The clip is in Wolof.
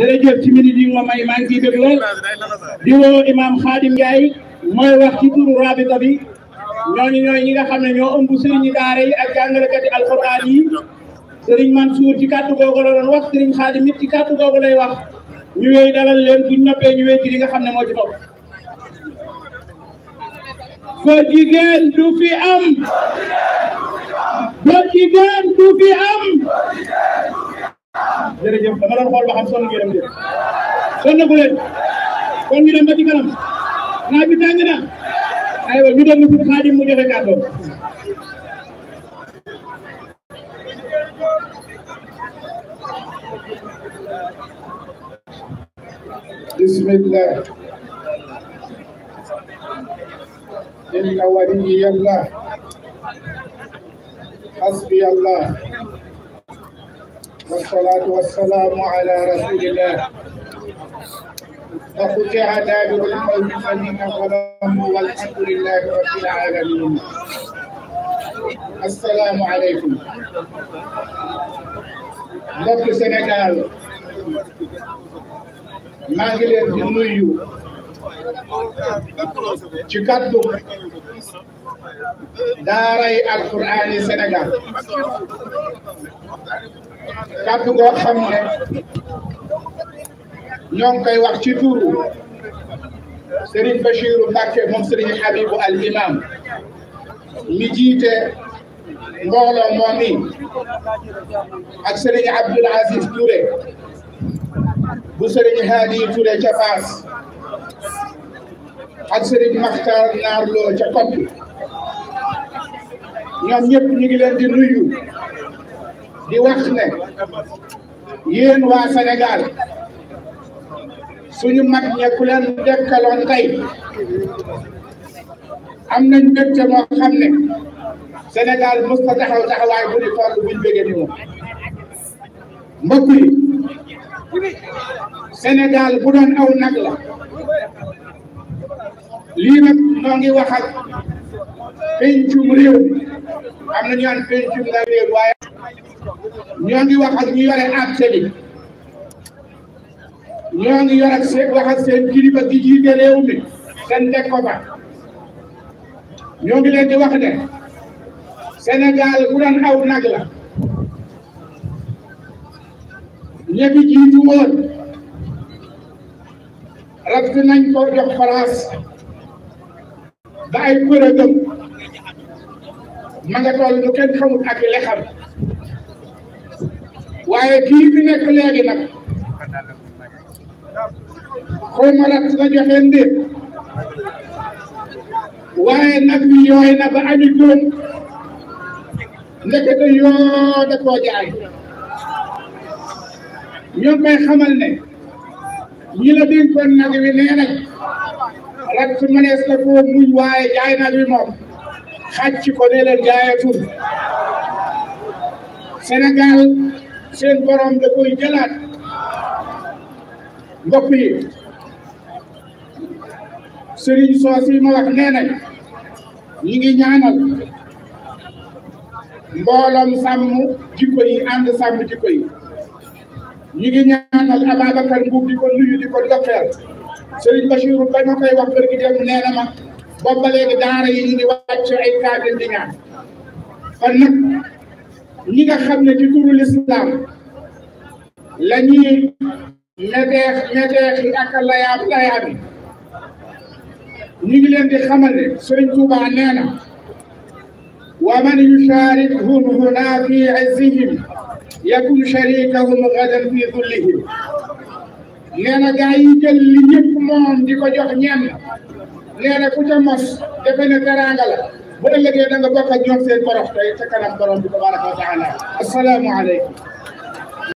jërëjëf ci minute yi nga may maa ngi ciy dégg lool di woo imaam Khadim Ndiaye mooy wax ci turu rabita bi ñooñu ñooy ñi nga xam ne ñoo ëmb sëriñu daara yi ak jàngalekati alquran yi sëriñ Mansour ci kàddu googu la doon wax sëriñ Khadim it ci kàddu googu lay wax ñu wéy dalal leen buñ noppee ñu wéy ci li xam ne moo ci bopp. jigéen du fi am. góor jigéen du fi am. jërëjëf dama doon xool ba xam sonn ngeen am jëf sonn ko leen kon ñu dem ba ci kanam naaj bi tàng na aywa ñu dem ci Xaadim mu joxe kàddoom bismillah inna waliyallah hasbiyallah والصلاة والسلام على رسول الله وقطع داب القوم الذين ظلموا والحمد لله رب العالمين السلام عليكم mbokk Sénégal maa ngi leen di daaray al yi Sénégal kàddu goo xam ne ñoo ngi koy wax ci tuuru Serigne Bachirou Mbacké moom Serigne Habibou al imam mi jiite mbooloo moom mi ak Serigne Abdoul Aziz Touré bu Serigne Hadi Touré ca Fass ak Serigne Makhtar Naar Lo ca Kopp ñoom ñëpp ñu ngi leen di nuyu di wax ne yéen waa Sénégal suñu mag ñe ku leen dekkaloon tey am nañ mbégte moo xam ne Sénégal mës na taxaw taxawaay bu di fort buñ bëggee ni Sénégal bu aw nag la lii nag moo ngi wax pencum réew mi am na ñu naan pencum réew waaye ñoo ngi wax ak yore àtte bi ñoo ngi yor ak seen wax ak seen gi jiite réew mi seen teg ko fa ñoo ngi leen di wax ne Sénégal bu aw nag la ña fi jiitu woon ratt nañ ko jox France ba ay përëgëm ma nga toll lu kenn xamul ak lexam waaye kii bi nekk léegi nag xaw ma la dina joxe ndéet waaye nag bi yooy na ba ami doom ndekete yoo da koo jaay ñoo koy xamal ne ñi la dénkoon nag wi nee nag rat su mënees la koo muñ waaye jaay nag wi moom xàcc ko ne leen gaayatul Sénégal seen borom da koy jëlaat mbokk yi Serigne soos yi ma wax nee nañ ngi ñaanal mbooloom sàmm jikko yi ànd sàmm jikko yi ñi ngi ñaanal Ababacar Mbuub di ko nuyu di ko ndokkeel Serigne Bachirou ba ma koy wax kër dem nee ma boobu ba léegi daara yi ñu ngi wàcc ay kaamil di ñaan kon nag ñi nga xam ne ci turu lislaam la ñuy medeex medeex yi ak layaab layaab yi ñu ngi leen di xamal ne sëriñ Tuuba nee na wa man yushaarikhum huna fi izzihim yakun sharikahum gadan fi dullihim nee na gaa yi jël li ñëpp moom di ko jox ñenn nee na ku ca mos defe ne teraanga la bu ëllëgee da nga bokk ak ñoom seen borox tey ca kanam borom bi tabaraka wa taala asalaamaaleykum